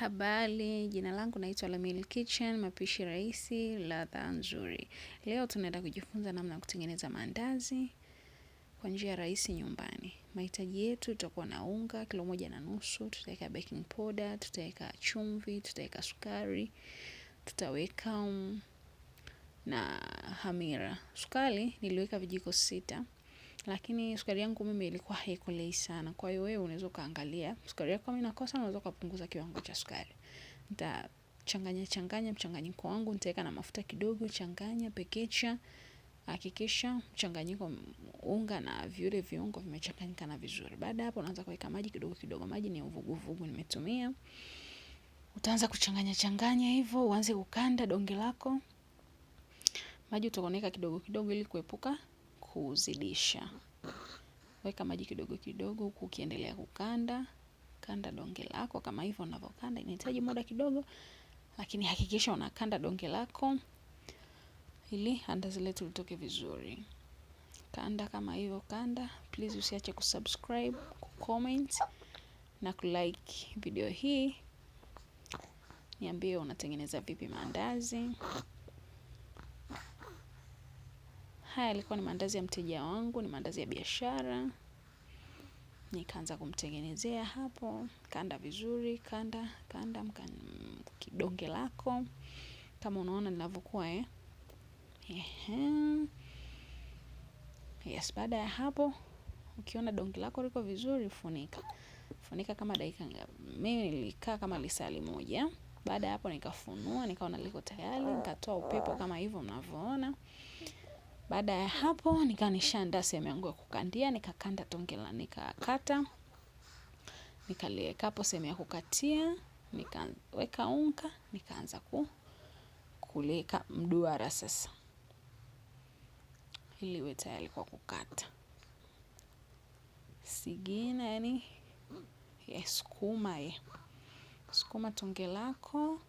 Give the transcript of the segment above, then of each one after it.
Habari, jina langu naitwa Lamil Kitchen, mapishi rahisi, ladha nzuri. Leo tunaenda kujifunza namna ya kutengeneza maandazi kwa njia rahisi nyumbani. Mahitaji yetu tutakuwa na unga kilo moja na nusu, tutaweka baking powder, tutaweka chumvi, tutaweka sukari, tutaweka mm, na hamira. Sukari niliweka vijiko sita lakini sukari yangu mimi ilikuwa haikolei sana. Kwa hiyo wewe unaweza ukaangalia sukari yako kama inakosa unaweza ukapunguza kiwango cha sukari. Nitachanganya changanya mchanganyiko wangu nitaweka na mafuta kidogo, changanya, pekecha, hakikisha mchanganyiko unga na vile viungo vimechanganyikana vizuri. Baada hapo unaanza kuweka maji kidogo kidogo maji ni uvuguvugu nimetumia. Utaanza kuchanganya changanya hivyo, uanze kukanda donge lako. Maji utakoneka kidogo kidogo ili kuepuka kuzidisha. Weka maji kidogo kidogo huku ukiendelea kukanda. Kanda donge lako kama hivyo unavyokanda. Inahitaji muda kidogo lakini hakikisha unakanda donge lako ili andazi letu litoke vizuri. Kanda kama hivyo kanda. Please usiache kusubscribe, kucomment na kulike video hii. Niambie unatengeneza vipi maandazi. Haya yalikuwa ni maandazi ya mteja wangu, ni maandazi ya biashara. Nikaanza kumtengenezea hapo, kanda vizuri, kanda, kanda, kidonge lako. Kama unaona ninavyokuwa eh. Yes, baada ya hapo ukiona donge lako liko vizuri funika. Funika kama dakika ngapi? Mimi nilikaa kama lisali moja. Baada ya hapo nikafunua, nikaona liko tayari, nikatoa upepo kama hivyo mnavyoona. Baada ya hapo nikawa nishaandaa sehemu yangu ya kukandia, nikakanda tongela nikakata. nikaliweka hapo sehemu ya kukatia, nikaweka unga, nikaanza ku kulieka mduara sasa. Ili iwe tayari kwa kukata. Sigina yani ya sukuma ye. Sukuma tonge lako,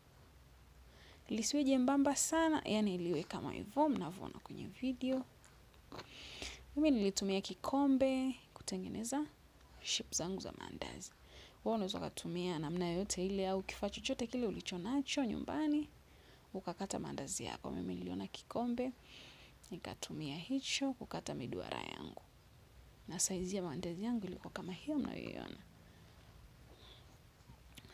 lisiwe jembamba sana, yani liwe kama hivyo mnavyoona kwenye video. Mimi nilitumia kikombe kutengeneza shape zangu za maandazi. Wewe unaweza kutumia namna yoyote ile au kifaa chochote kile ulicho nacho nyumbani ukakata maandazi yako. Mimi niliona kikombe nikatumia hicho kukata miduara yangu. Na saizi ya maandazi yangu ilikuwa kama hiyo mnayoiona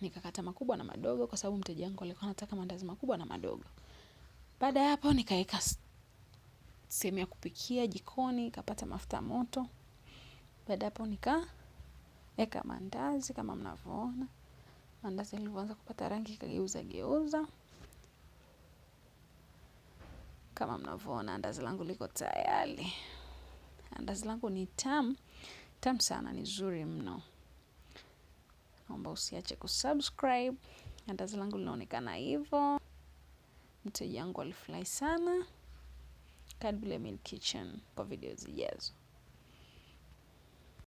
nikakata makubwa na madogo kwa sababu mteja wangu alikuwa anataka mandazi makubwa na madogo. Baada ya hapo nikaweka sehemu ya kupikia jikoni, kapata mafuta moto. Baada ya hapo nikaeka mandazi kama mnavyoona. mandazi yalivyoanza kupata rangi kageuza geuza. Kama mnavyoona andazi langu liko tayari. Andazi langu ni tamu, tamu sana ni zuri mno naomba usiache kusubscribe. Andazi langu linaonekana hivyo. Mteja wangu alifurahi sana. Kadblay Meal Kitchen kwa video zijazo.